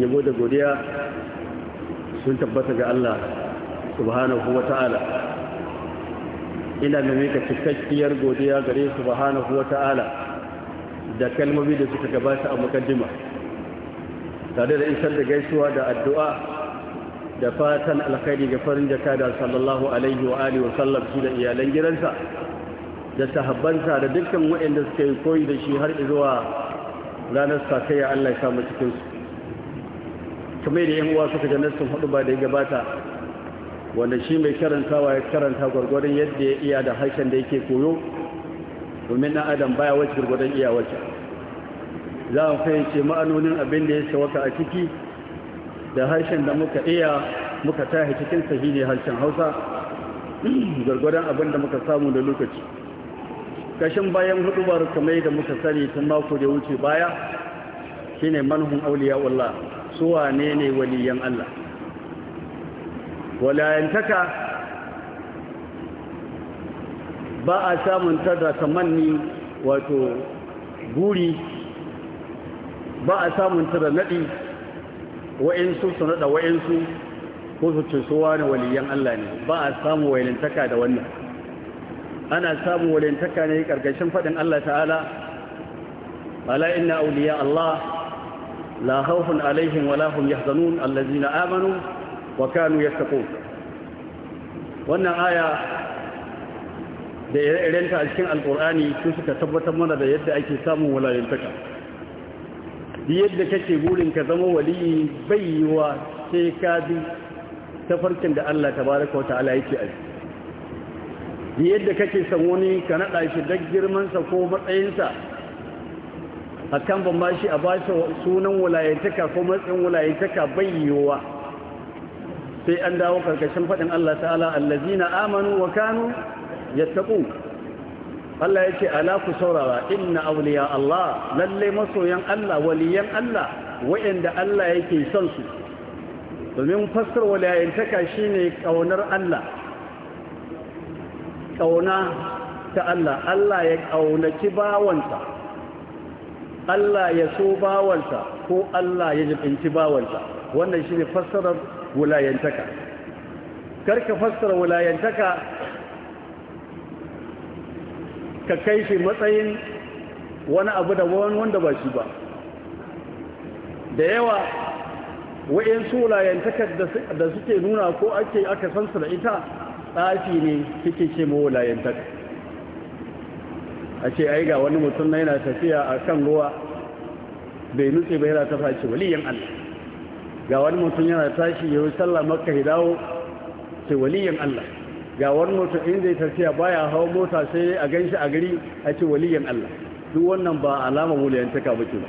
yabo da godiya sun tabbata ga Allah subhanahu ina mimika cikakkiyar godiya gare subhanahu wa da kalmomi da suka gabata a mukaddima tare da isar da gaisuwa da addu'a da fatan alkhairi ga farin jaka da sallallahu alaihi wa alihi wa sallam shi da iyalan gidansa da sahabbansa da dukkan waɗanda suka yi koyi da shi har zuwa ranar sakayya Allah ya samu cikinsu kamar da yan uwa suka janar sun hudu ba da ya gabata wanda shi mai karantawa ya karanta gwargwarin yadda ya iya da harshen da yake koyo domin na adam baya wacce gwargwadon iya wacce za a fahimci ma'anonin abin da ya sawaka a ciki da harshen da muka iya muka tahi cikin ne harshen hausa gwargwadon abin da muka samu da lokaci kashin bayan hudubar kamar da muka sani tun mako da wuce baya shine manhun auliya wallah Suwa ne ne waliyan Allah walayantaka ba a samun ta manni wato guri ba a samun ta naɗi wa'insu su naɗa wa'insu ko su ce su wane waliyan Allah ne ba a samun walayantaka da wannan ana samun walayantaka ne ƙarƙashin faɗin Allah ta'ala ala inna auliya Allah لا خوف عليهم ولا هم يحزنون الذين آمنوا وكانوا يتقون wannan aya da irinta a cikin alkur'ani sun suka tabbatar mana da yadda ake samun walayantaka da yadda kake burin ka zama waliyi wa sai ka bi ta farkin da Allah ta baraka wa ta'ala yake a da yadda kake san wani ka naɗa shi duk girmansa ko matsayinsa hakan ban shi a ba shi sunan wulayantaka ko matsayin wulayantaka bayyowa sai an dawo karkashin faɗin Allah ta'ala allazina amanu wa kanu yattaqu Allah yake ala ku saurara inna awliya Allah lalle masoyan Allah waliyan Allah wa'anda Allah yake son su domin fassar walayantaka shine kaunar Allah kauna ta Allah Allah ya kaunaci bawansa Allah ya so bawansa ko Allah ya jibinci bawansa wannan shi ne fassarar wulayantaka karka fassara wulayantaka ka kai shi matsayin wani abu da wani wanda ba shi ba da yawa wa'in su wulayantakar da suke nuna ko ake aka sansa da ita tsafi ne suke ce ma wulayantaka a ce ai ga wani mutum na yana tafiya a kan ruwa bai nutse ba yana ta faci waliyan Allah ga wani mutum yana tashi ya yi sallah makka ya dawo ce waliyan Allah ga wani mutum in zai tafiya baya hawa mota sai a ganshi a gari a ce waliyan Allah duk wannan ba alama wuliyan ta bace ba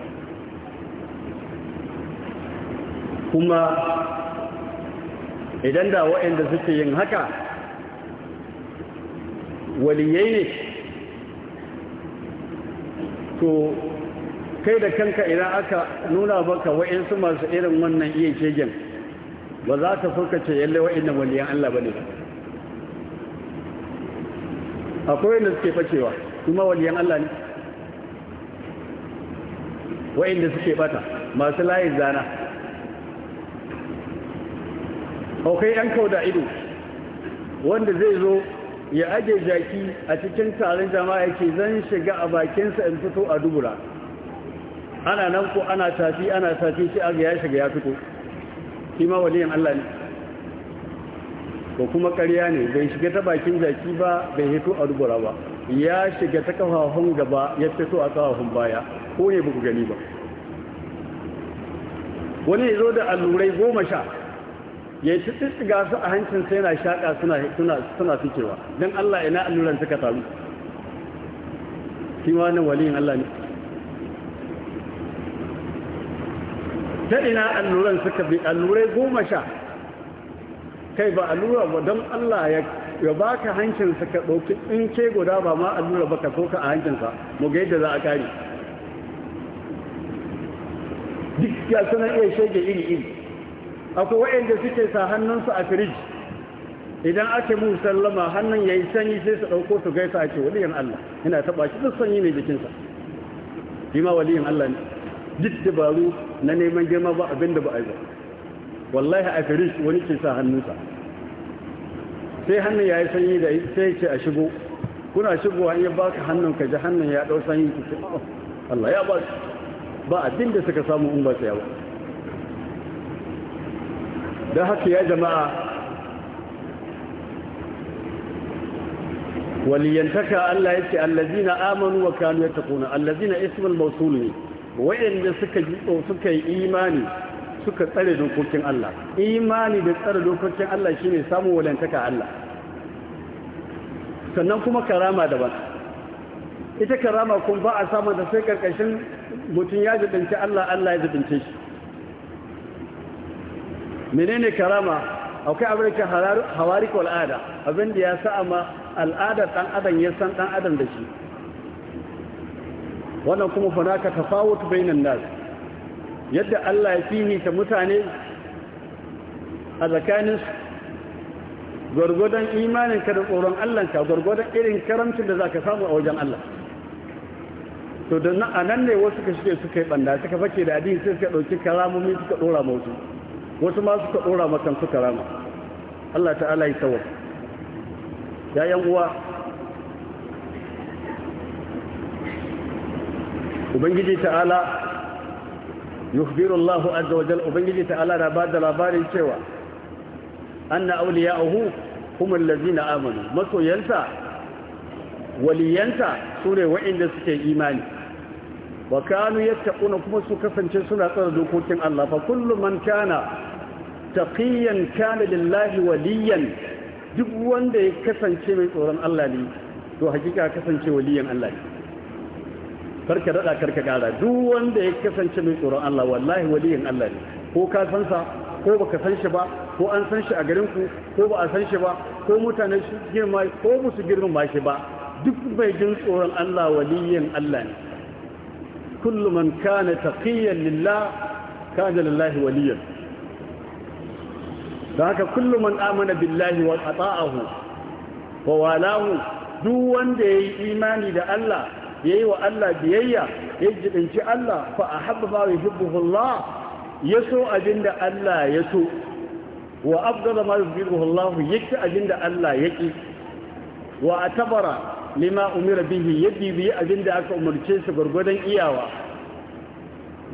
kuma idan da wa'anda suke yin haka waliyai ne to kai da kanka idan aka nuna baka wa'insu masu irin wannan iya kegen ba za ka so ka ce yalle wa'innan waliyan Allah ba ne akwai wanda suke bacewa kuma waliyan Allah ne wa'inda suke bata masu layin zana akwai yan kauda ido wanda zai zo ya ajiye jaki a cikin taron jama'a yake zan shiga a bakinsa in fito a dubura ana nan ko ana tafi ana tafi shi aga ya shiga ya fito shi ma waliyan Allah ne ko kuma ƙarya ne bai shiga ta bakin jaki ba bai fito a dubura ba ya shiga ta kafafun gaba ya fito a kafafun baya ko ne ba gani ba wani zo da allurai goma sha ya yi tsitsiga su a hancin sai yana shaƙa suna fikewa don Allah ina alluran suka taru shi wani waliyin Allah ne ta ina alluran suka bi allurai goma sha kai ba allura ba don Allah ya ba ka hancin ka ɗauki in ke guda ba ma allura ba ka soka a hancinsa mu ga yadda za a kare duk ya suna iya shege iri-iri akwai waɗanda suke sa hannunsu a firij idan ake mu sallama hannun ya yi sanyi sai su ɗauko su gaisa ake waliyan Allah yana taɓa shi duk sanyi ne jikinsa shi ma waliyan Allah ne duk dabaru na neman girma ba abinda ba aiwa wallahi a firij wani ke sa hannunsa sai hannun ya yi sanyi da sai ce a shigo kuna shigo an yi baka hannun ka ji hannun ya ɗau sanyi ki ce oh, Allah ya ba ba abinda da suka samu in ba su yawa don haka ya jama'a waliyantaka Allah ya ce allazina amanu wa kanu yattaquna allazina ismul mawsul ne wayanda suka ji suka yi imani suka tsare dokokin Allah imani da tsare dokokin Allah shine samun waliyantaka Allah sannan kuma karama daban ita karama kun ba a samun da sai karkashin mutum ya jibinci Allah Allah ya jibince shi menene karama akwai abin da hawari ko al'ada abin da ya sa amma al'ada dan adam ya san dan adam da shi wannan kuma fa naka tafawut bainan nas yadda Allah ya ta mutane a gurgudan imanin imaninka da tsoron Allah ka gurgudan irin karamcin da za ka samu a wajen Allah to dan nan ne wasu ka shige suka yi banda suka fake da adini sai suka ɗauki karamomi suka ɗora mautu wasu ma suka ɗora makan suka rama Allah ta'ala yi sawar yayan uwa ubangiji ta'ala yukhbiru Allah azza ubangiji ta'ala na ba da labarin cewa anna awliya'uhu humul ladzina amanu masoyanta waliyanta sune wa'inda suke imani wa kanu yattaquna kuma su kasance suna tsara dokokin Allah fa kullu man kana taqiyan kana lillahi waliyan duk wanda ya kasance mai tsoron Allah ne to hakika kasance waliyan Allah ne karka dada karka gara duk wanda ya kasance mai tsoron Allah wallahi waliyan Allah ne ko ka san sa ko baka san shi ba ko an san shi a garin ku ko ba a san shi ba ko mutane su girma ko musu girma shi ba duk mai jin tsoron Allah waliyan Allah ne kullu man kana taqiyan lillah kana lillahi waliyan da haka kullu amana billahi wa ata'ahu wa walahu duk wanda yayi imani da Allah ya yi wa Allah biyayya ya jiɗanci Allah fa ahabba ma yuhibbu Allah yaso abinda Allah yaso wa afdala ma yuhibbu Allah yaki abinda Allah yaki wa atabara lima umira bihi yadda bibiyi abin da aka umarce shi gwargwadon iyawa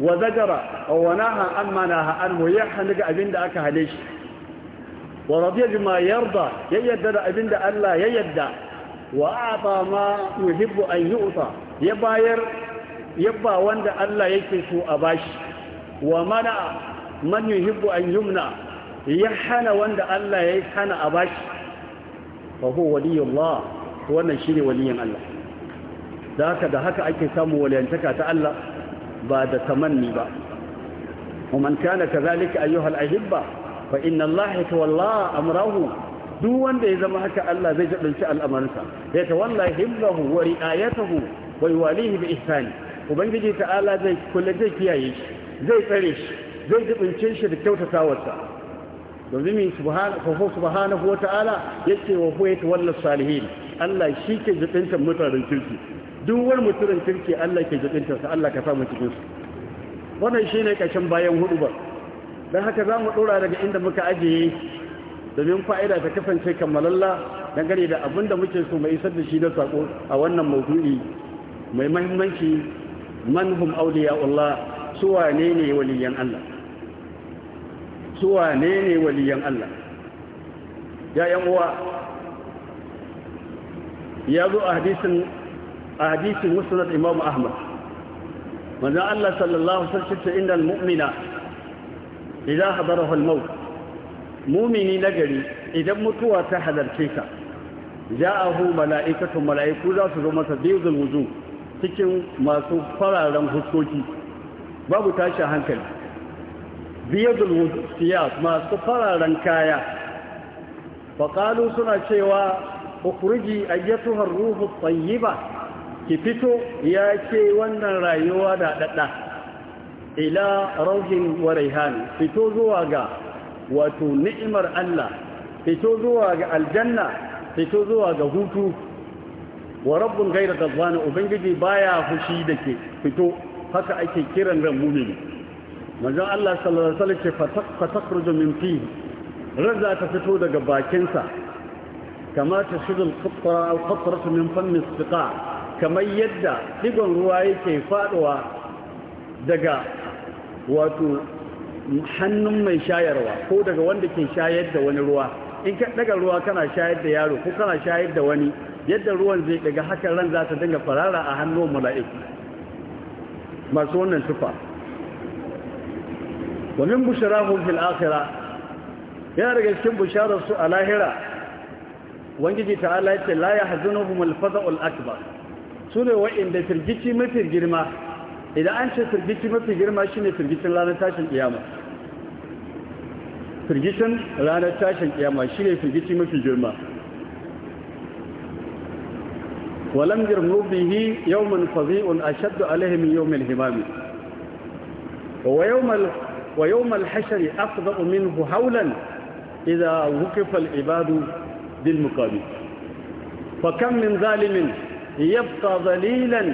wa zagara a wana ha'an mana ha'an mu ya hannu ga abinda aka hane shi wa rabiya bi ma yarda ya yadda da abin da Allah ya yadda wa aba ma yuhibbu an yu'ta ya bayar yabba wanda Allah yake so a bashi wa mana man yuhibbu an yumna ya hana wanda Allah ya hana a bashi fa huwa waliyullah wannan shi ne waliyan Allah da haka da haka ake samun waliyantaka ta Allah ba da tamanni ba kuman kana ka zalika ayyuhal ahibba fa inna Allahi ta wallaha amurahu duk wanda ya zama haka Allah zai jaɗunci al’amarinsa ya ta wallaha himzahu wa riayatahu walihi bi ihsani ubangiji ta ala zai zai kiyaye shi zai tsare shi zai jaɗunce shi da kyautata wata domin subhanahu wa ta'ala yake wa huwa ya salihin Allah shi ke jibintar mutanen kirki duk wani kirki Allah ke jibintar sa Allah ka samu cikin su wannan shi ne kashin bayan hudu ba dan haka za mu ɗora daga inda muka ajiye domin fa'ida ta kasance kammalalla gani da abin da muke so mai isar da shi na sako a wannan maudu'i mai mahimmanci manhum auliya Allah su ne ne waliyan Allah su ne ne waliyan Allah ya yan uwa ya zo a hadisin a imam ahmad manzon Allah sallallahu alaihi wasallam inda almu'mina idan hadarahu almaut mu'mini nagari idan mutuwa ta halarce ka ja'ahu mala'ikatu mala'iku za su zo masa bizul wuzu cikin masu fararen huskoki babu tashi hankali biyadul wuzu masu fararen kaya faƙalu suna cewa ukurji ayyatuhar ruhu ba, ki fito ya ce wannan rayuwa da dada ila rauhin wa raihan fito zuwa ga wato ni'imar Allah fito zuwa ga aljanna fito zuwa ga hutu wa rabbun ghayra ghadban ubangiji baya fushi dake fito haka ake kiran ran mumini manzon Allah sallallahu alaihi wasallam ce fa takhruju min fihi ran ta fito daga bakinsa kamata ta shudul qatratu min fannin siqa kamar yadda digon ruwa yake faɗawa daga wato hannun mai shayarwa ko daga wanda ke shayar da wani ruwa in ka daga ruwa kana shayar da yaro ko kana shayar da wani yadda ruwan zai daga hakan ran za ta dinga farara a hannun mala'iku masu wannan sufa wa min bushrahu fil akhirah yana daga cikin bisharar su a lahira wanjiji ta'ala yace la yahzunuhum al-faza'ul akbar sune wa'inda firgici mafi girma idan an ce firgici mafi girma shine firgicin ranar tashin kiyama firgicin ranar tashin kiyama shine firgici mafi girma walam jirmu bihi yawman fadhi'un ashaddu alayhi min yawm al himam wa yawm al- wa yawm al-hashr afdha minhu hawlan idha wuqifa al-ibadu بالمقابل فكم من ظالم يبقى ظليلا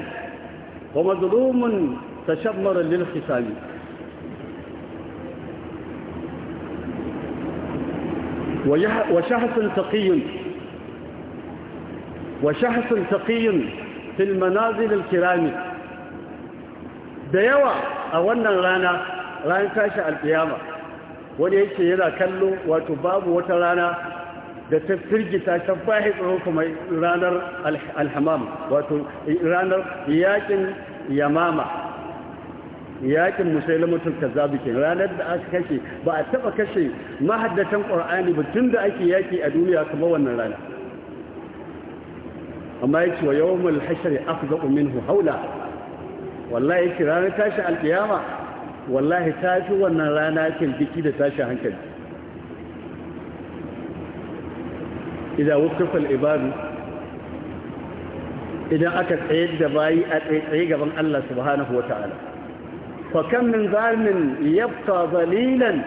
ومظلوم تشمر للخصام وشخص تقي وشخص تقي في المنازل الكرام da أولا رانا رانا rana القيامة وليس alkiyama كله وتباب وترانا da ta firgita ta bahi tsoro kuma ranar alhamam wato ranar yakin yamama yakin musulmatul kazzabi ke ranar da aka kashe ba a taba kashe mahaddatan qur'ani ba tunda ake yaki a duniya kamar wannan rana amma yake wa yawmul hashr afza'u minhu haula wallahi ranar tashi alkiyama wallahi tashi wannan rana kin biki da tashi hankali idan wukafal ibadu idan aka tsayar da bayi a tsaye gaban Allah subhanahu wa ta'ala fakan min zalimin yabta zalilan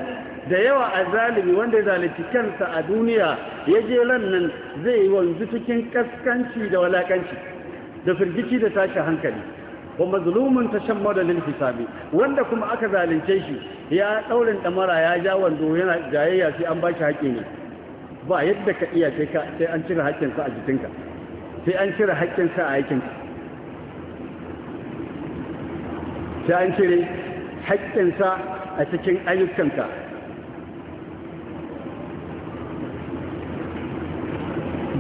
da yawa a zalimi wanda ya zalunci kansa a duniya ya je nan zai yi wanzu cikin ƙaskanci da walakanci da firgici da tashi hankali wa mazlumun tashammada lil hisabi wanda kuma aka zalunce shi ya da mara ya ja wando yana jayayya sai an bashi haƙƙi ne ba yadda ka iya sai an cire haƙƙinsa a jikinka sai an cire haƙƙinsa a aikinka sai an cire haƙƙinsa a cikin ayyukanka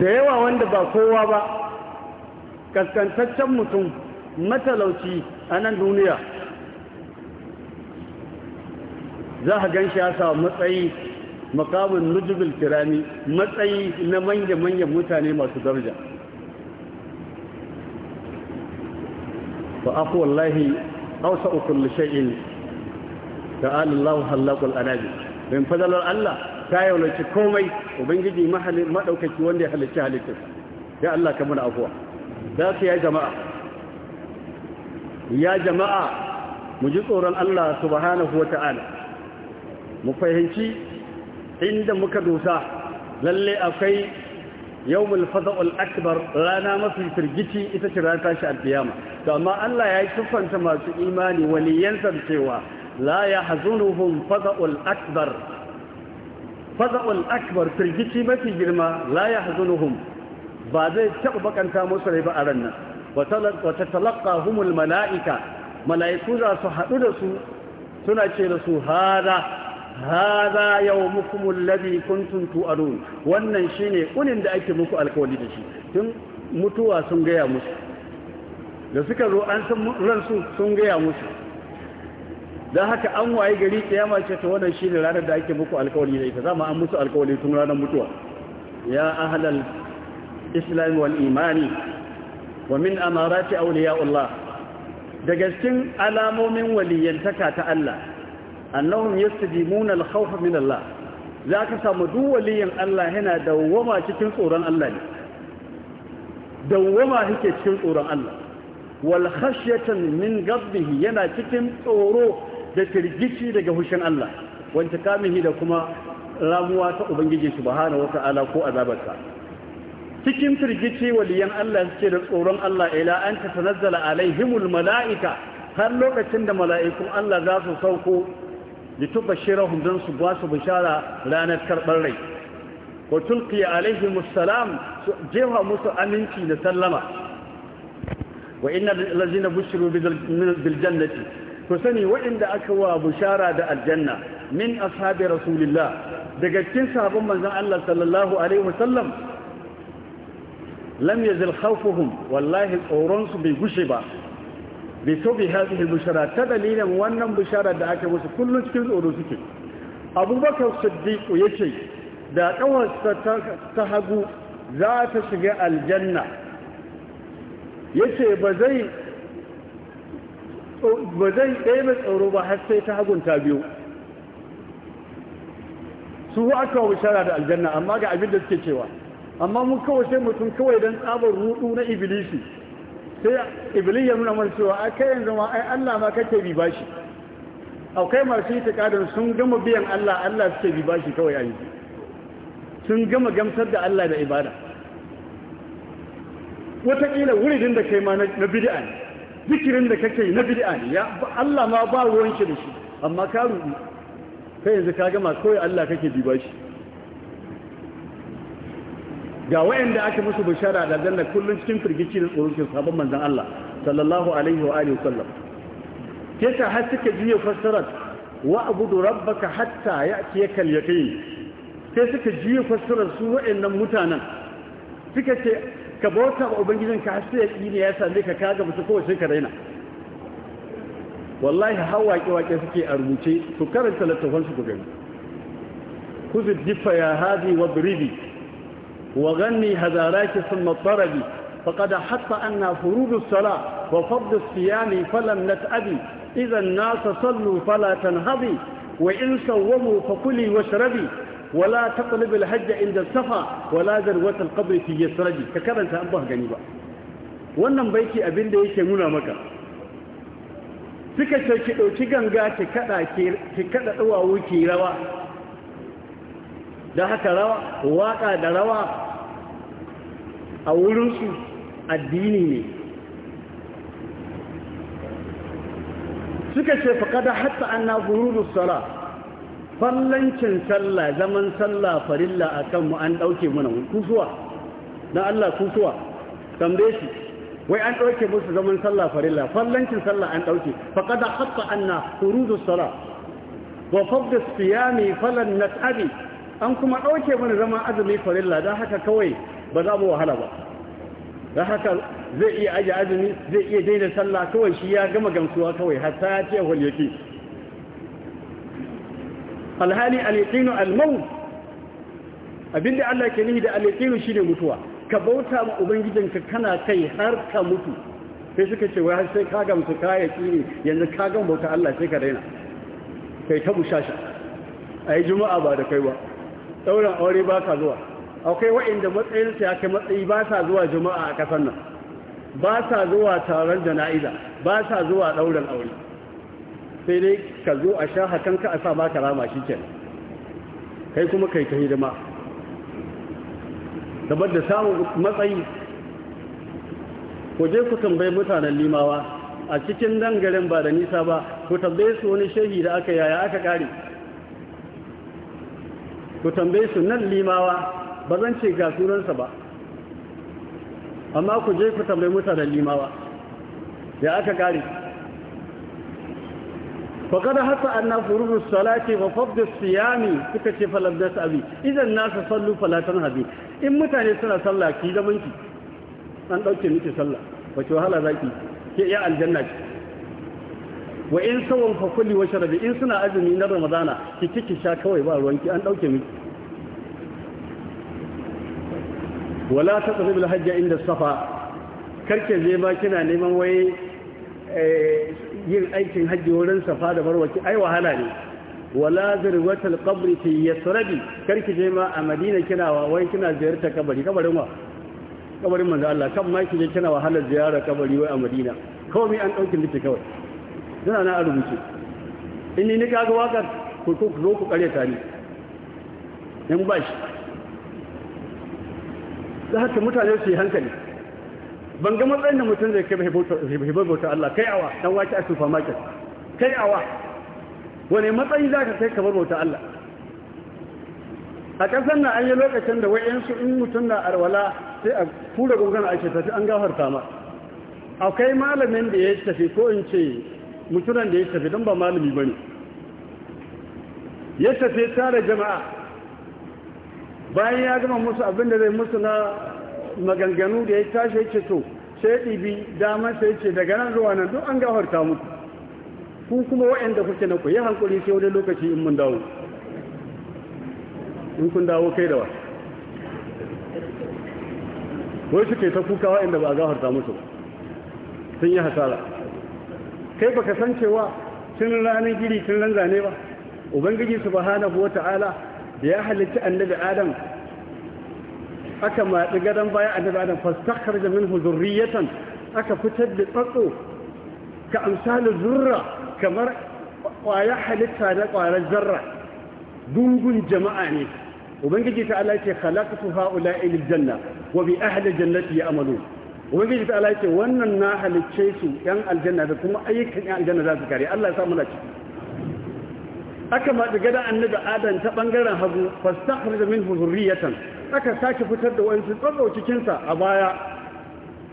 da yawa wanda ba kowa ba kaskantaccen mutum matalauci a nan duniya za a gan shi ya samu matsayi makamun nujubul kirami matsayi na manya-manyan mutane masu darja fa aku wallahi ausa kulli shay'in ta'ala Allahu halaqul anabi bin fadalar Allah ta yaulace komai ubangiji mahalin madaukaki wanda ya halicci halittar ya Allah ka muna afuwa da su ya jama'a ya jama'a mu ji tsoron Allah subhanahu wa ta'ala mu fahimci inda muka dusa, lalle akwai yawmul fada'ul akbar rana mafi firgici ita ce ranar tashi alkiyama to amma Allah ya yi masu imani waliyansa cewa la yahzunuhum fada'ul akbar fada'ul akbar firgici mafi girma la yahzunuhum ba zai taɓa bakanta musu rai ba a ran nan wata talaka humul mala'ika mala'iku za su haɗu da su suna ce da su hada هذا يومكم الذي kuntum tu'adun wannan shine kunin da ake muku alkawari da shi tun mutuwa sun gaya musu da suka zo an san ransu sun gaya musu dan haka an waye gari kiyama ce ta wannan shine ranar da ake muku alkawari da ita zama an musu alkawari tun ranar mutuwa ya ahlal islam wal imani wa min amarati awliya Allah Da cikin alamomin waliyantaka ta Allah annahum yastajimuna al-khawfa min Allah zaka samu duk waliyan Allah yana dawwama cikin tsoron Allah ne dawwama yake cikin tsoron Allah wal khashyatan min ghadbihi yana cikin tsoro da firgici daga hushin Allah wanda kamihi da kuma ramuwa ta ubangiji subhanahu wata'ala ko azabarsa cikin firgici waliyan Allah suke da tsoron Allah ila an tanazzala alaihimul mala'ika har lokacin da mala'ikun Allah za su sauko litubashirahum dan su ba bishara ranar karɓar rai wa tulqi alaihim assalam su jefa musu aminci da sallama wa inna allazina bushiru bil jannati to sani wa'inda aka wa bishara da aljanna min ashabi rasulillah daga cikin sahabban manzon Allah sallallahu alaihi wasallam lam yazil khawfuhum wallahi tsoron su bai gushe ba bi sobi hadhihi bushara ta dalilin wannan bushara da ake musu kullun cikin tsoro suke abubakar siddiq yace da kawarsa ta hagu za ta shiga aljanna yace ba ba zai tsoro ba har sai ta hagun ta biyu su aka bishara da aljanna amma ga abin da suke cewa amma mun kawo sai mutum kawai don tsabar rudu na ibilisi sai iblis ya nuna mana cewa ai kai yanzu ma ai Allah ma kake bi bashi akwai masu yi takadar sun gama biyan Allah Allah suke bi bashi kawai ayi sun gama gamsar da Allah da ibada wataƙila wuridin da kai ma na bid'a ne zikirin da kake na bid'a ne ya Allah ma ba ruwan shi da shi amma ka rubu kai yanzu ka gama kawai Allah kake bi bashi ga wayanda aka musu bishara da janna kullum cikin firgici da tsoron sabon manzon Allah sallallahu alaihi wa alihi wasallam kisa har suka jiya fassarar wa abudu rabbaka hatta ya'tiyakal yaqin sai suka jiya fassarar su wayannan mutanen suka ce ka bauta wa ubangijinka har sai yaqini ya same ka kaga musu kawai sai ka daina wallahi hawa waƙe-waƙe suke a rubuce su karanta littafin su ku gani ku ziddifa ya hazi wa biribi وغني هذاراك ثم الطرب فقد حتى أن فروض الصلاة وفض الصيام فلم نتأبي إذا الناس صلوا فلا تنهضي وإن صوموا فكلي واشربي ولا تقلب الحج عند السفا ولا ذروة القبر في يسرجي ككرنت أبه جنيبا wannan baiki abin da yake nuna maka suka ce ki ɗauki ganga ki kaɗa ɗuwawo ki rawa da haka rawa waƙa da rawa a wurinsu addini ne suka ce faƙada hatta an na gururu sala fallancin sallah zaman sallah farilla a kanmu an ɗauke mana kusuwa na Allah kusuwa tambaye shi wai an ɗauke musu zaman sallah farilla fallancin sallah an ɗauke faƙada hatta an na gururu sala wa fabda siyami falon na an kuma ɗauke mana zama azumi farilla don haka kawai ba za mu wahala ba da haka zai iya aje azumi zai iya daina sallah kawai shi ya gama gamsuwa kawai hatta ya ce wal yaqin alhali al-yaqin al-maut abinda Allah ke nufi da al-yaqin shine mutuwa ka bauta ma ubangijinka kana kai har ka mutu sai suka ce wai har sai ka gamsu ka yaqini yanzu ka gama bauta Allah sai ka daina kai ta bushasha ai juma'a ba da kai ba dauran aure ba ka zuwa akwai waɗanda matsayinsu ya kai matsayi ba sa zuwa juma'a a kasar nan ba sa zuwa taron jana'iza ba sa zuwa ɗaurin aure sai dai ka zo a sha hakan ka a sa ba rama shi ke kai kuma kai ta hidima dabar da samun matsayi ku je ku tambayi mutanen limawa a cikin nan garin ba da nisa ba ku tambaye su wani shehi da aka yaya aka ƙari ku tambaye su nan limawa ba zan ce ga sunansa ba amma ku je ku tambayi mutanen limawa ya aka kare faƙad hasa anna fururu salati wa fadda siyami suka ce falabda sabi idan nasa sallu falatan habi in mutane suna sallah ki zaman ki an ɗauke miki sallah wace wahala za ki ke iya aljanna ki wa in sawan fa kulli wa sharabi in suna azumi na ramadana ki kiki sha kawai ba ruwanki an ɗauke miki wala ta tafi bil hajja inda safa karke je ba kina neman wai eh, yin aikin hajji wurin safa da marwa ai wahala ne wala zirwatul qabri fi yasrabi karke je ma a madina kina wa wai kina ziyarta kabari kabarin wa kabarin manzo Allah kan ma kije kina wahalar ziyara kabari wai a madina kawai an dauki miki kawai dana na rubuce in ni kaga wakar ku ku zo ku kare ta ni in ba shi da haka mutane su yi hankali ban ga matsayin da mutum zai kai hibar bauta Allah kai awa dan wake a supermarket kai awa wane matsayi za ka kai kamar bauta Allah a ƙasar na an yi lokacin da wa'yansu in mutum na arwala sai a fura gungun a tafi an gafarta a akwai malamin da ya tafi ko in ce mutunan da ya tafi don ba malami ba ne ya tafi tare jama'a bayan ya gama musu abin da zai musu na maganganu da ya tashi ya ce to sai ɗibi damar sai ce daga nan zuwa nan duk an gafarta muku ku kuma waɗanda kuke na ku yi hankuli sai wani lokaci in mun dawo in kun dawo kai da wa wai suke ta kuka waɗanda ba a gafarta musu sun yi hasara kai baka san cewa tun ranar giri tun ran zane ba ubangiji subhanahu ta'ala. da ya halitta annabi adam aka matsi gadon bayan annabi adam fastakar da min huzurriyatan aka fitar da tsatso ka amsalin zurra kamar kwaya halitta da kwarar zarra dungun jama'a ne ubangiji ta ala ce khalaqtu haula ilil janna wa bi ahli jannati amalu ubangiji ta ala ce wannan na halicce su yan aljanna da kuma ayyukan yan aljanna za su kare Allah ya sa muna ciki aka ma gada da annabi adam ta bangaren hagu fastakhrij minhu zurriyatan aka sake fitar da wayansu tsoro cikin a baya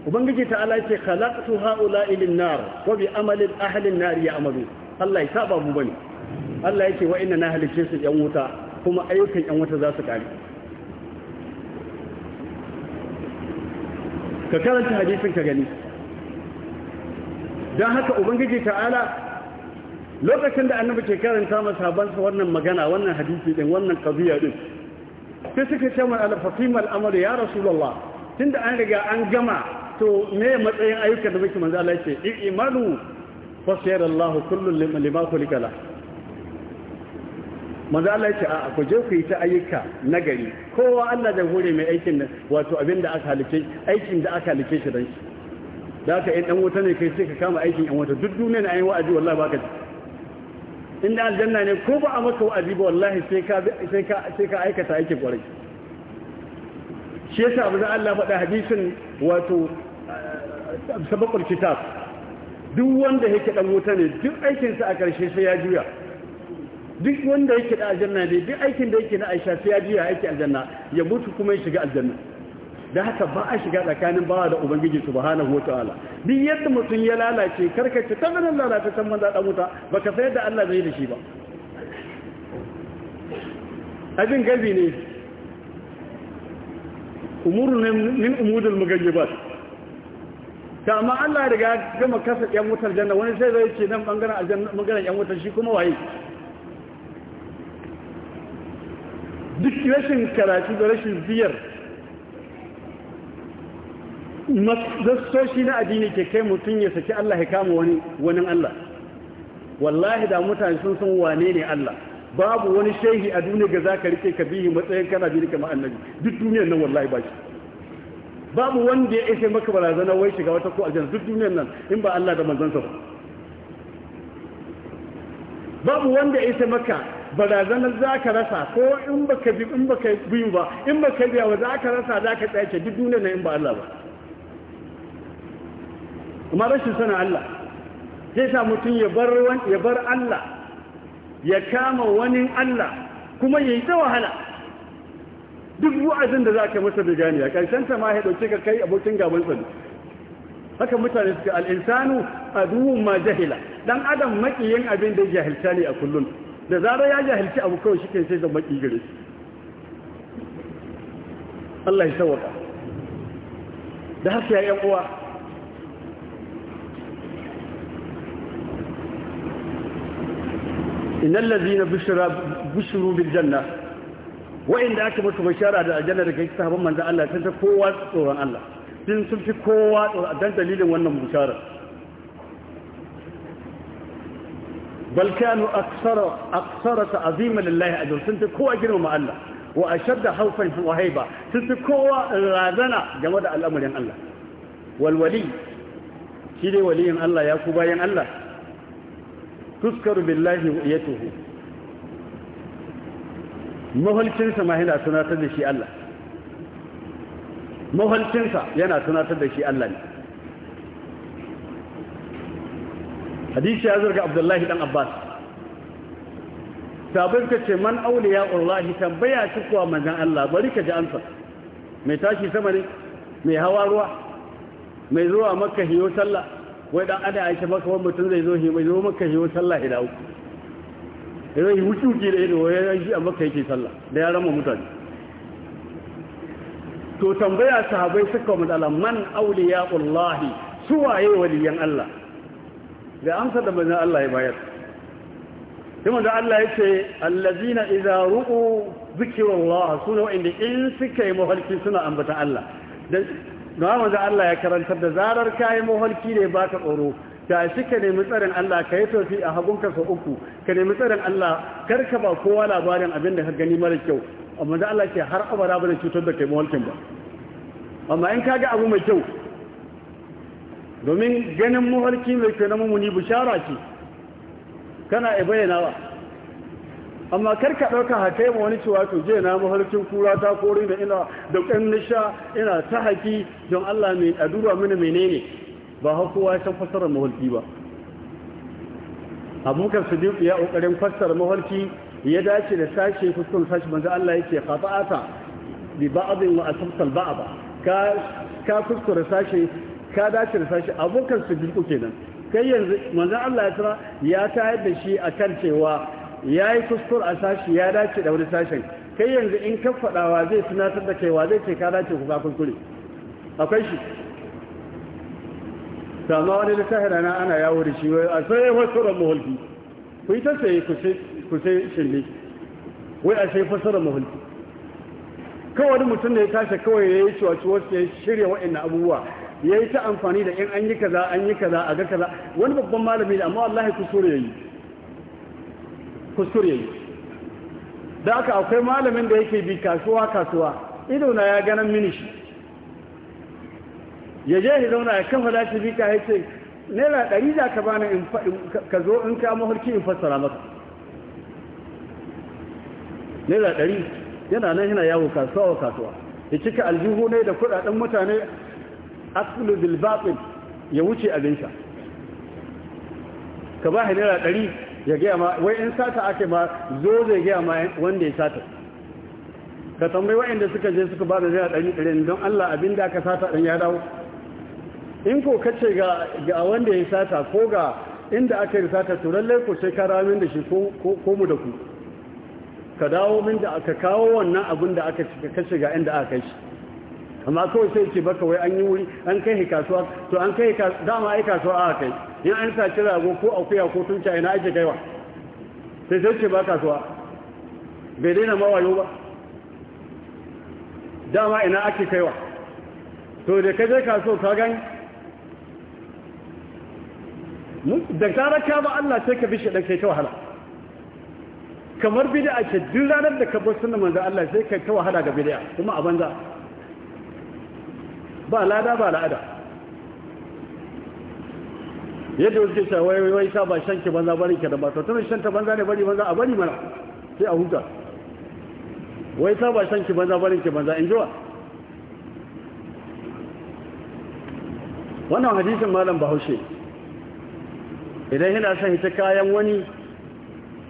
ubangiji ta Allah ce khalaqtu haula'i lin-nar wa bi amali ahli an-nar ya'malu Allah ya saba mu bane Allah yake wa inna na halice su yan wuta kuma ayyukan yan wuta za su kare ka karanta hadisin ka gani dan haka ubangiji ta'ala lokacin da annabi ke karanta masa bansa wannan magana wannan hadisi din wannan qadiya din sai suka ce mai alfaqim al'amr ya rasulullah tunda an riga an gama to me matsayin ayyukan da muke manzo Allah ya ce i'malu fa sayarallahu kullu lima kulikala manzo Allah ya ce a ku je ku yi ta ayyuka nagari kowa Allah da hore mai aikin nan wato abin da aka halice aikin da aka halice shi dan shi da haka in dan wuta ne kai sai ka kama aikin yan wuta duk duniyar ayi wa'azi wallahi baka inda aljanna ne ko ba a maka wa'azi ba wallahi sai ka sai ka sai ka aikata yake kwarai shi yasa abu da Allah faɗa hadisin wato eh, sabaqul kitab duk wanda yake dan wuta ne duk aikin sa a karshe sai ya juya duk wanda yake da aljanna ne duk aikin da yake na Aisha sai ya juya yake aljanna ya mutu kuma ya shiga aljanna da haka ba a shiga tsakanin bawa da ubangiji subhanahu wataala duk yadda mutum ya lalace karkace tabanin lalata san manza dan wuta baka sayar da Allah zai da shi ba abin gabi ne umurun min umudul mugayyibat ta amma Allah ya riga gama kasa yan wutar janna wani sai zai ce nan bangaren aljanna bangaren yan wutar shi kuma waye duk rashin karatu da rashin biyar zasoshi na addini ke kai mutum ya saki Allah ya kama wani wani Allah wallahi da mutane sun san wane ne Allah babu wani shehi a duniya ga zaka rike ka bihi matsayin kana bi kamar annabi duk duniyar nan wallahi ba shi babu wanda ya ishe maka barazana wai shiga wata ko aljanna duk duniyar nan in ba Allah da manzansa ba babu wanda ya ishe maka barazanar za ka rasa ko in baka bi in baka bi ba in baka bi ba za ka rasa zaka ka ce duk duniyar nan in ba Allah ba amma rashin sana Allah zai sa mutum ya bar Allah ya kama wani Allah kuma ya yi ta wahala duk wa'azin da za ka masa da gani a ta ma ya ɗauke ka kai abokin gaban tsari haka mutane suka al'insanu a duhun ma jahila ɗan adam maƙiyin abin da jahilta ne a kullum da zarar ya jahilci abu kawai shi ke sai da maƙi gare su. Allah ya sauwaka da haka ya ‘yan uwa إن الذين بشروا بالجنة وإن دا أكبر بشارة على الجنة لكي تهبون من ذا الله تنسى قوة طورا الله تنسى قوة دان دليل وأنهم بشارة بل كانوا أكثر أكثر تعظيما لله أجل تنسى قوة جنوا مع الله وأشد خوفا وهيبة تنسى قوة غازنا جمد الأمر ين الله والولي كده ولي الله يا كوبا ين الله tuskaru billahi wa'yatuhu mahalcinsa ma yana tunatar da shi Allah mahalcinsa yana tunatar da shi Allah ne hadisi ya zarga abdullahi dan abbas sabon ka ce man auliya ullahi tambaya shi kuwa manzan Allah bari ka ji ansa, mai tashi sama ne mai hawa ruwa mai zuwa makka hiyo sallah wai dan ada ya shafa kawai mutum zai zo shi mai zo maka shi sallah ya uku da zai wuce wuce da ido ya ji a maka yake sallah da ya rama mutane to tambaya sahabai suka matsala man auliya ullahi suwaye waliyan Allah da amsa da manzon Allah ya bayar kuma da Allah ya ce allazina idza ru'u zikrullah sunu inda in suka yi mafarki suna ambata Allah dan don wanzu Allah ya karantar da zarar kayi mahalki ne ba ka tsoro ta shi ka nemi tsarin Allah ka yi tofi a hagunka ka uku ka nemi tsarin Allah karka ba kowa labarin abin da ka gani mara kyau amma da Allah ke har abara ba cutar da kai mahalkin ba amma in ga abu mai kyau domin ganin mahalki mai kyau na ni bishara ce kana iya bayyanawa amma kar ka ɗauka hatai ma wani cewa to je na maharcin kura ta kori da ina da ƙan nisha ina ta haƙi don Allah mai adura mini menene ba hau kowa ya san fassarar mahalki ba abubakar sadiq ya ƙoƙarin fassara mahalki ya dace da sashe fuskun sashi manzo Allah yake qata'ata bi ba'dhin wa asabta al-ba'd ka ka fuskura sashe ka dace da sashe abubakar sadiq kenan kai yanzu manzo Allah ya tara ya tayar da shi akan cewa ya yi kuskur a sashi ya dace da wani sashen kai yanzu in ka faɗawa zai sunatar da kaiwa zai ce ka dace ku kafin kure akwai shi sama wani littafin rana ana yawo da shi wai a sai fasarar mahulki ku yi ta sai ku sai shirme wai a sai fasarar mahulki kawai mutum da ya tashi kawai ya yi ciwaciwar ya shirya waɗannan abubuwa ya yi ta amfani da in an yi kaza an yi kaza a ga kaza wani babban malami da amma wallahi kusur ya yi kuskure yi da aka akwai malamin da yake bi kasuwa kasuwa idona ya ganin mini shi ya je ya zauna ya kafa dashi bi ka ya ce nera ɗari za ka bani ka zo in kama mahulki in fassara maka nera ɗari yana nan yana yawo kasuwa wa kasuwa ya cika aljihu ne da kudaden mutane asulu bilbaɓin ya wuce abinsa ka ba nera ɗari ya gaya ma wai in sata ake ba zo zai gaya ma wanda ya sata ka tambayi wa'anda suka je suka ba da zai ɗari ɗari don Allah abin da aka sata ɗan ya dawo in ko kace ga ga wanda ya sata ko ga inda aka yi sata to lallai ko sai ka da shi ko mu da ku ka dawo min da aka kawo wannan abin da aka kace ga inda aka yi shi amma kawai sai ce baka wai an yi wuri an kai kasuwa to an kai dama ai kasuwa a kai in an kira go ko akuya ko tunca ina ake kaiwa sai sai ce ba kasuwa bai daina wayo ba dama ina ake kaiwa to da ka je kasuwa ka gani da zarar ka ba Allah sai ka bi shi dan kai ta wahala kamar bid'a ce duk ranar da ka bar sunnar manzo Allah sai ka ta wahala ga bid'a kuma a banza ba lada ba la'ada yadda wasu ke cewa wai wai sa ba shanke banza bari ke da ba tana shan ta banza ne bari banza a bari mana sai a huta wai sa ba shanke banza bari ke banza in jiwa wannan hadisin malam bahaushe idan yana son hita kayan wani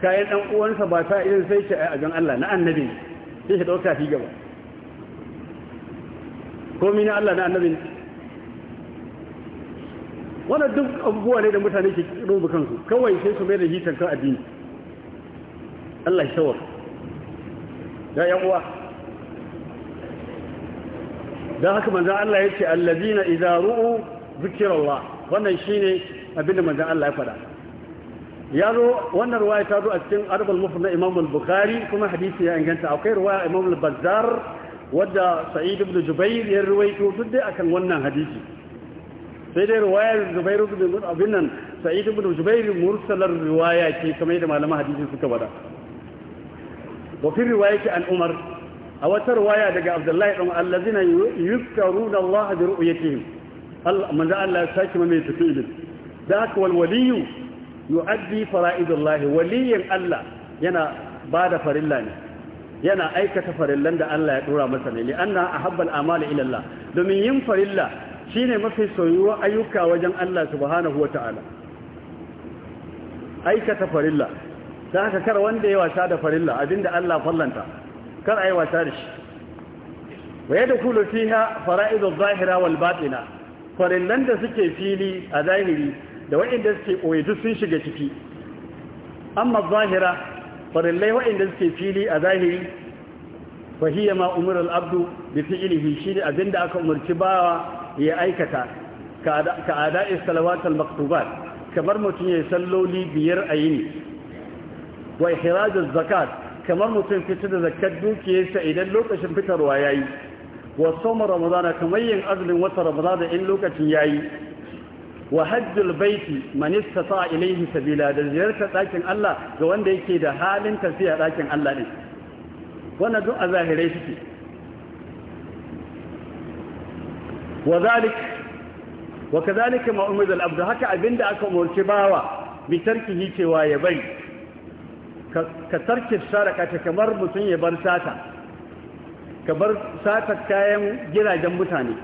kayan ɗan’uwansa uwansa ba ta irin sai ce a gan Allah na annabi sai shi ɗauka fi gaba komi na Allah na annabin wannan duk abubuwa ne da mutane ke rubu kansu kawai sai su mai da hitar kan addini Allah ya shawar ya yan uwa dan haka manzo Allah yace allazina idza ru'u zikrallah wannan shine abinda manzo Allah ya faɗa ya zo wannan ruwaya ta zo a cikin arbal mufrad na Imam al kuma hadisi ya inganta akwai ruwaya Imam al wadda sa'id ibn jubair ya ruwaito duk dai akan wannan hadisi sai dai riwayar jubair ibn abin nan sa'id ibn jubair mursalar riwaya ce kamar yadda malaman hadisi suka bada wa fi riwayati an umar a wata riwaya daga abdullahi dan allazina yuzkaruna allaha bi ru'yatihim Allah manzo Allah ya saki mai tafiyin da haka wal wali yu'addi fara'idullahi waliyin Allah yana bada farilla ne yana aikata farillan da Allah ya dora masa ne li'anna ahabbal amali ila Allah domin yin farilla shine mafi soyuwa ayyuka wajen Allah subhanahu wata'ala aikata farilla ta haka kar wanda ya wasa da farilla abinda Allah fallanta kar ai wasa da shi wa yadkhulu fiha fara'idu adh-dhahira wal batina farillan da suke fili a zahiri da wa'inda suke koyi duk sun shiga ciki amma zahira farillai waɗanda suke fili a zahiri fahiyya ma umar al'abdu da fi'ilihi shi ne abinda aka umarci bawa ya aikata ka ada'i salawatul maktubat kamar mutum ya salloli biyar a yini wa zakat kamar mutum fitar da zakat dukiyarsa idan lokacin fitarwa yayi wa sawm ramadana kamar yin azumin wata ramadana in lokacin yayi wa hajjul baiti man istata ilayhi sabila da ziyartar dakin Allah ga wanda yake da halin tafiya dakin Allah din wannan duk a zahirai suke wa zalik wa kadhalika ma umid al abdu haka abinda aka umurci bawa bi tarkihi cewa ya bari ka tarki sharaka ta kamar mutun ya bar sata ka bar sata kayan gidajen mutane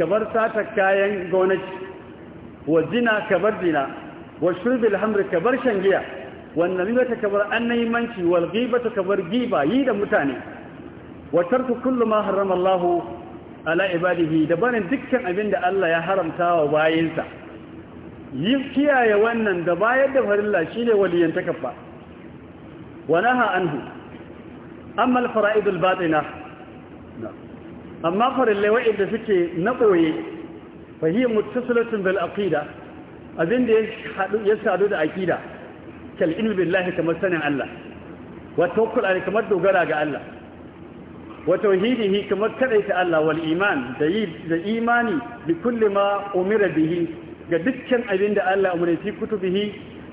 ka bar sata kayan gwamnati wa zina ka bar zina wa shurbi alhamri ka bar shan giya wa namimata ka bar annaimanci wal ghibata ka bar giba yi da mutane wa tarku kullu ma harrama Allah ala ibadihi da barin dukkan abin da Allah ya haramta wa bayinsa yi kiyaye wannan da bayar da farilla shine waliyan takaffa wa naha anhu amma al fara'id al batina amma farillai da suke na boye fahiyar mutasilatun bil aqida abin da ya sadu da aqida kal ilmi billahi kamar sanin Allah wa tawakkul alayhi kamar dogara ga Allah wa tauhidihi kamar kadaita Allah wal iman da yi da imani bi kulli ma umira bihi ga dukkan abin da Allah umre shi kutubihi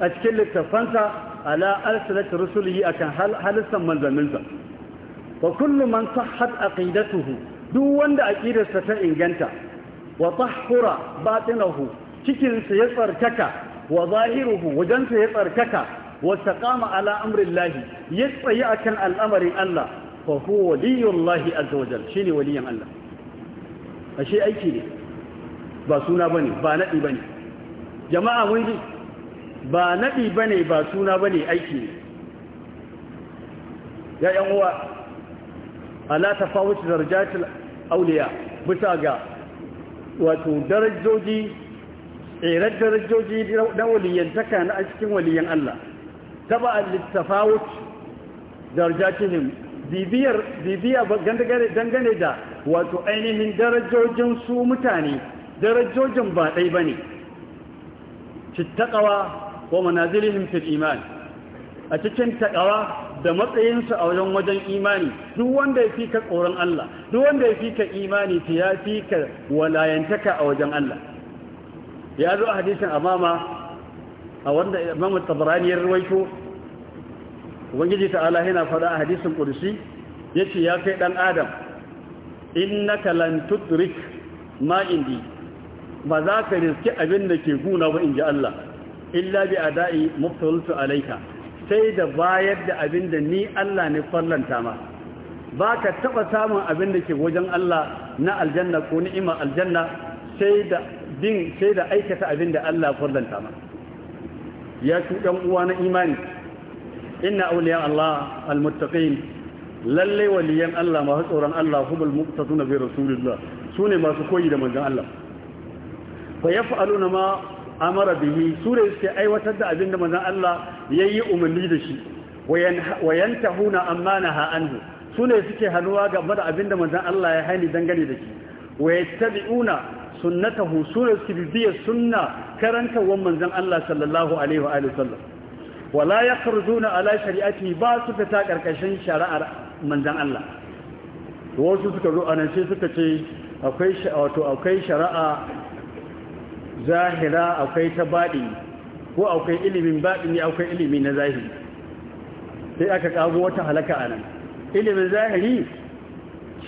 a cikin littafansa ala arsalat rusulihi akan halissan manzaminsa wa kullu man sahhat aqidatuhu duk wanda aqidarsa ta inganta wa tahura batinahu cikinsa ya tsarkaka wa zahiruhu wajensa ya tsarkaka wa taqama ala amrillahi ya tsayi akan al'amarin Allah fa huwa waliyullahi azza wajal shine waliyan Allah ashe aiki ne ba suna bane ba nadi bane jama'a mun ji ba nadi bane ba suna bane aiki ne ya yan uwa ala tafawut darajatul awliya bisa ga wato darajoji tsirar darajoji na waliyantaka na a cikin waliyan Allah taba a tafawut darajatihim bibiyar bibiya dangane da wato ainihin darajojin su mutane darajojin ba ɗai bane cittakawa wa manazilihim fil iman a cikin taqawa da matsayinsa a wajen wajen imani duk wanda ya fi ka tsoron Allah duk wanda ya fi ka imani ta ya fi ka walayantaka a wajen Allah ya zo a hadisin amama a wanda imamu tabarani ya ruwaito ubangiji ta'ala yana faɗa a hadisin ƙudusi ya ce ya kai ɗan adam innaka lan tudrik ma indi ba za ka riski abin da ke guna ba in ji Allah illa bi ada'i muftalutu alaika sai da bayar da abin da ni Allah ne fallanta ma ba ka taɓa samun abin da ke wajen Allah na aljanna ko ni'ima aljanna sai da bin sai da aikata abin da Allah fallanta ma ya ku ɗan uwa na imani inna awliya Allah almuttaqin lalle waliyan Allah masu tsoron Allah humul muqtasuna bi rasulillah sune masu koyi da manzon Allah fa yaf'aluna ma amara bihi Sure suke aiwatar da abin da manzon Allah yayi umarni da shi wayantahuna tahuna amma naha anhu sune suke hanuwa game da abinda manzon Allah ya haini dangane da shi wayattabi'una sunnatahu sune suke bibiyar sunna karantawan manzon Allah sallallahu alaihi wa alihi sallam wala yakhrujuna ala shari'ati ba su fita karkashin shari'ar manzon Allah wasu suka zo anan sai suka ce akwai wato akwai shari'a zahira akwai ta baɗi ko akwai ilimin baɗini akwai ilimi na zahiri sai aka kago wata halaka a nan ilimin zahiri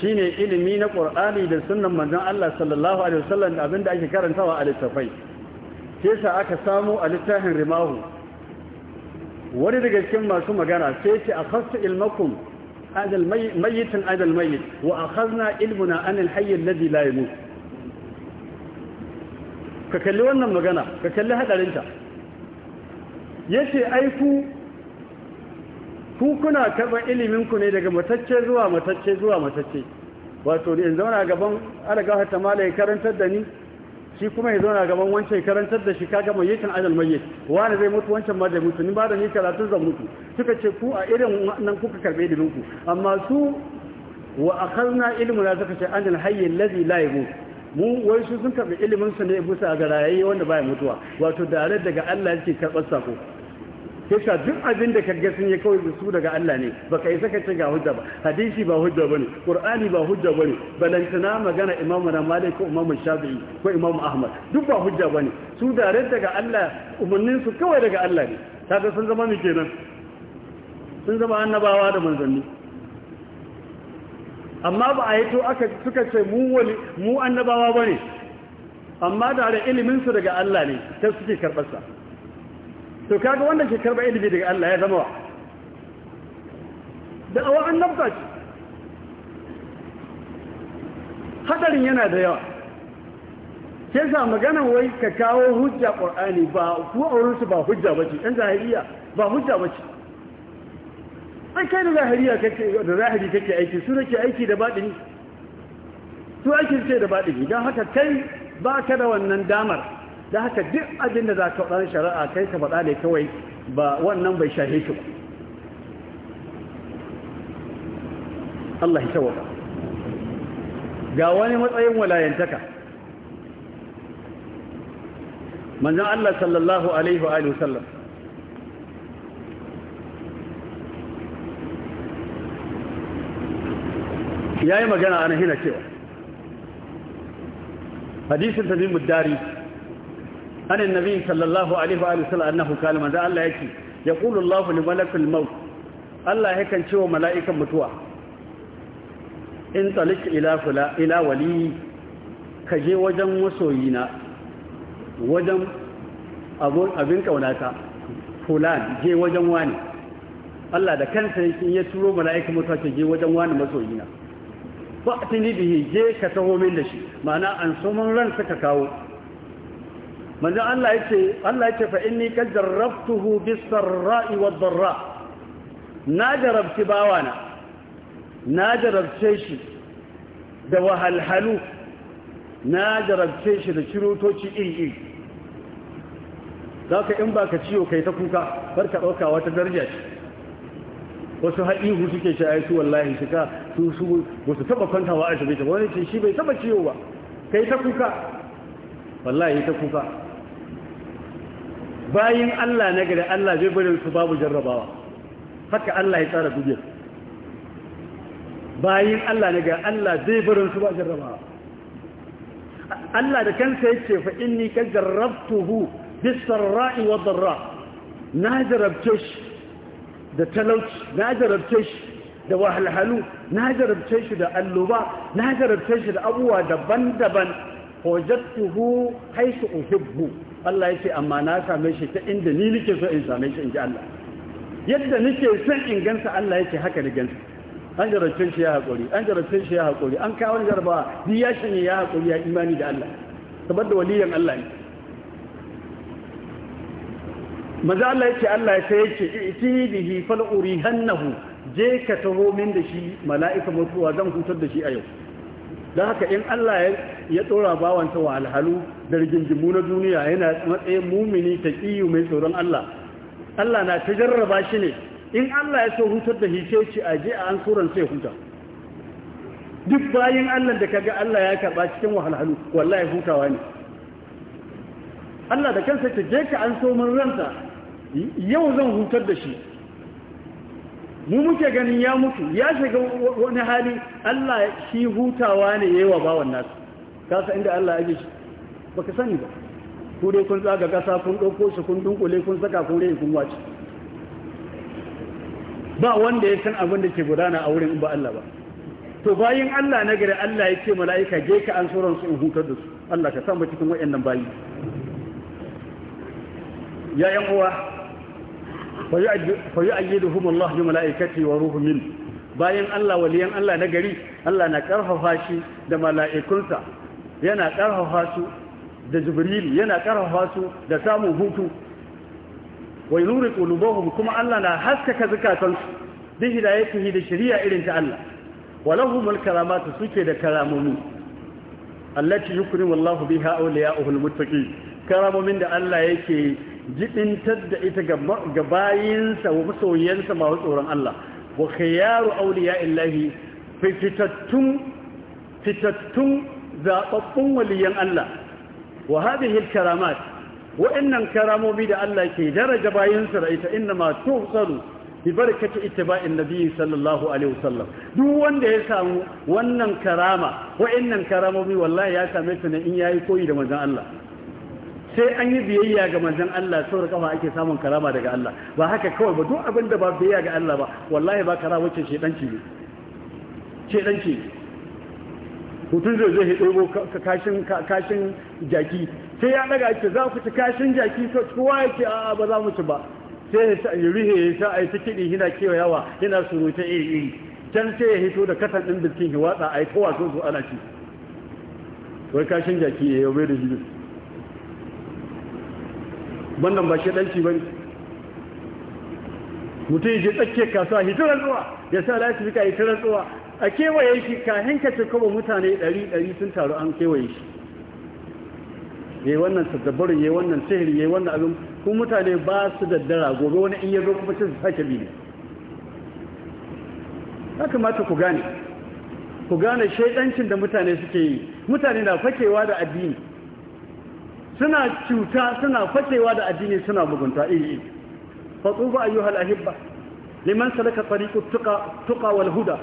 shine ilimi na ƙur'ani da sunan manzon Allah sallallahu alaihi wasallam da abinda ake karantawa a littafai sai sa aka samu a littafin rimahu wani daga cikin masu magana sai ce akhastu ilmakum adal mayyit adal mayyit wa akhadna ilmuna an al-hayy alladhi la ka kalli wannan magana ka kalli haɗarinta. yake ai ku ku kuna karban ilimin ku ne daga matacce zuwa matacce zuwa matacce wato in zauna gaban alagawa ta malai karantar da ni shi kuma ya zauna gaban wancan karantar da shi kaga mai yakin ajal mayyit wani zai mutu wancan ma zai mutu ni ba da ni karatu zan mutu suka ce ku a irin nan kuka karbe ilimin ku amma su wa akhadna ilmuna suka ce an hayy allazi la yamut mu wai su sun karbi ilimin su ne bisa ga rayaye wanda baya mutuwa wato da daga Allah yake karbar sako yasa duk abin da kage sun yi kawai su daga Allah ne baka yi saka ce ga hujja ba hadisi ba hujja bane qur'ani ba hujja bane balantana magana imamu na malik ko imamu shafi'i ko imamu ahmad duk ba hujja bane su dare daga Allah umarnin su kawai daga Allah ne kaga sun zama mu kenan sun zama annabawa da manzanni amma ba a yi aka suka ce mu wani mu annabawa bane amma da ilimin su daga Allah ne ta suke karɓarsa to kaga wanda ke karɓar ilimi daga Allah ya zama wa da awa an nafsa ce hadarin yana da yawa ke sa magana wai ka kawo hujja ƙwar'ani ba a wurinsu ba hujja ba ce ɗan zahiriya ba hujja ba ce an kai da zahiriya da zahiri kake aiki su nake aiki da baɗini su aiki ce da baɗini don haka kai ba ka da wannan damar da haka duk abin da za ka faɗa shari'a kai ka faɗa ne kawai ba wannan bai shahe shi ba Allah ya tawaka ga wani matsayin walayantaka manzon Allah sallallahu alaihi wa alihi wasallam yayi magana a hina cewa hadisin tamim dari عن النبي صلى الله عليه وآله وسلم أنه قال ماذا الله يكي يقول الله لملك الموت الله يكن شو ملائكة متوى انطلق إلى, فلا إلى ولي كجي وجن وسوينا وجن أبون أبنك وناتا فلان جي وجن واني Allah da kansa yake ya turo mala'ika mutuwa ce je wajen wani masoyina ba a tuni bihi je ka taho min da shi ma'ana an so mun ran suka kawo manzon Allah yace Allah yace fa inni qad bawa na jarabci bawana na jarabce shi da wahalhalu na jarabce shi da cirutoci iri-iri za ka in ba ka ciwo kai ta kuka bar ka ɗauka wata daraja ce wasu haɗihu suke ce a su wallahi su ka su su ba su taɓa kwantawa a shi wani ce shi bai taɓa ciwo ba kai ta kuka wallahi ta kuka bayin Allah na gari Allah zai bari su babu jarrabawa haka Allah ya tsara duniya bayin Allah na gari Allah zai bari su babu jarrabawa Allah da kansa yake fa inni ka jarrabtuhu bisarra'i wa dharra na jarabce shi da talauci na jarabce shi da wahalhalu na jarabce shi da alluba na jarabce shi da abubuwa daban-daban hojjattuhu haisu uhibbu Allah ya ce amma na same shi ta inda ni nake so in same shi in ji Allah yadda nake son in gansa Allah yake haka da gansa an jarabce shi ya haƙuri an jarabce shi ya haƙuri an kawo jarabawa ni ya shanye ya haƙuri ya imani da Allah saboda waliyan Allah ne maza Allah yake Allah ya sai yake itini bihi fal urihannahu je ka taho min da shi mala'ika mutuwa zan hutar da shi a yau Da haka in Allah ya tsora bawanta wa alhalu da rigingimu na duniya yana matsayin mumini ta ƙiyu mai tsoron Allah Allah na ta jarraba shi ne in Allah ya so hutar da hikeci a je a an tsoron sai huta duk bayan Allah da kaga Allah ya karɓa cikin wahalhalu wallahi hutawa ne Allah da kansa ta je ka an so mun ranta yau zan hutar da shi mu muke ganin ya mutu ya shiga wani hali Allah shi hutawa ne yayi wa bawan nasu kasa inda Allah ya ji shi baka sani ba ko dai kun tsaga kasa kun dauko shi kun dunkule kun saka kun rai kun wace ba wanda ya san abin da ke gudana a wurin ba Allah ba to bayin Allah na gari Allah ya ce mala'ika je ka an suran su in hutar da su Allah ka samu cikin waɗannan bayi ya yan uwa fa yu'ayyiduhum Allah bi mala'ikati wa ruhu min bayan Allah waliyan Allah na gari Allah na karfafa shi da mala'ikunsa yana karfafa su da Jibril yana karfafa su da samun hutu wa yuriqu qulubuhum kuma Allah na haskaka zakatansu bi hidayatihi da shari'a irin ta Allah ولهم الكرامات سكي ده كرامومي التي يكرم الله بها أولياؤه Karamomin da Allah الله يكي jibintar da ita ga bayinsa wa masoyansa masu tsoron Allah wa khiyaru awliya illahi fitattun fitattun zaɓaɓɓun waliyan Allah wa hadhihi alkaramat wa'annan karamomi da Allah ke daraja bayinsa da ita inna ma tuhsaru bi barakati ittiba'in nabiyyi sallallahu alaihi wasallam duk wanda ya samu wannan karama wa'annan karamomi wallahi ya same su ne in yayi koyi da manzon Allah sai an yi biyayya ga manzon Allah saboda kafa ake samun karama daga Allah ba haka kawai ba duk abin da ba biyayya ga Allah ba wallahi ba karama wacce shedanci ne shedanci hutun zai zai hido kashin kashin jaki sai ya daga ake za ku ci kashin jaki to kowa yake a ba za mu ci ba sai ya rihe ya sa ai tikidi hina kewayawa yana surutai iri iri can sai ya hito da kasan din biskin hiwatsa ai kowa so ana ci wai kashin jaki ya yi da jirgin? wannan ba shi shaɗanci ba ne mutum je tsakiyar kasuwa hitarar zuwa ya sa fika hitarar zuwa a kewaye shi kahin ka ce kaba mutane 100-100 sun taru an kewaye shi yayi wannan saddabarin yayi wannan sihiri yayi wannan abin kuma mutane ba su daddara gobe wani in yazo kuma sai su sake bi ne ya kamata ku gane ku gane shaidancin da mutane suke yi mutane na fakewa da addini suna cuta suna fakewa da addini suna mugunta iri-iri. fatuba ayyuhal ahibba liman salaka tariqut tuqa tuqa wal huda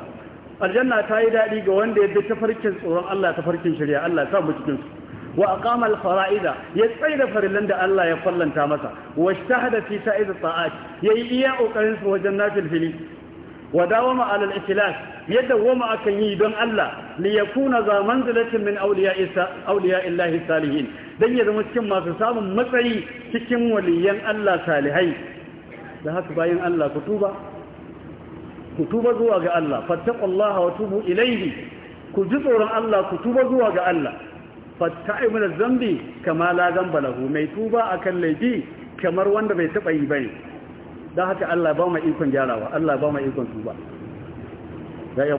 aljanna ta yi daɗi ga wanda ya bi tafarkin tsoron Allah tafarkin shari'a Allah ya sa mu cikin su wa aqama al-fara'ida ya tsaida farillan da Allah ya fallanta masa wa ishtahada fi sa'id taat yayi iya kokarin su wajen nafil fili wa dawama alal ikhlas yadda wama akan yi don Allah li yakuna za manzilatin min awliya'i illahi salihin dan ya zama cikin masu samun matsayi cikin waliyan Allah salihai da haka bayan Allah ku tuba ku tuba zuwa ga Allah fattaqullaha wa tubu ilayhi ku ji tsoron Allah ku tuba zuwa ga Allah fatta'i min zambi kama la zamba lahu mai tuba akan laifi kamar wanda bai taba yi bane don haka Allah ba mai ikon gyarawa Allah ba mai ikon tuba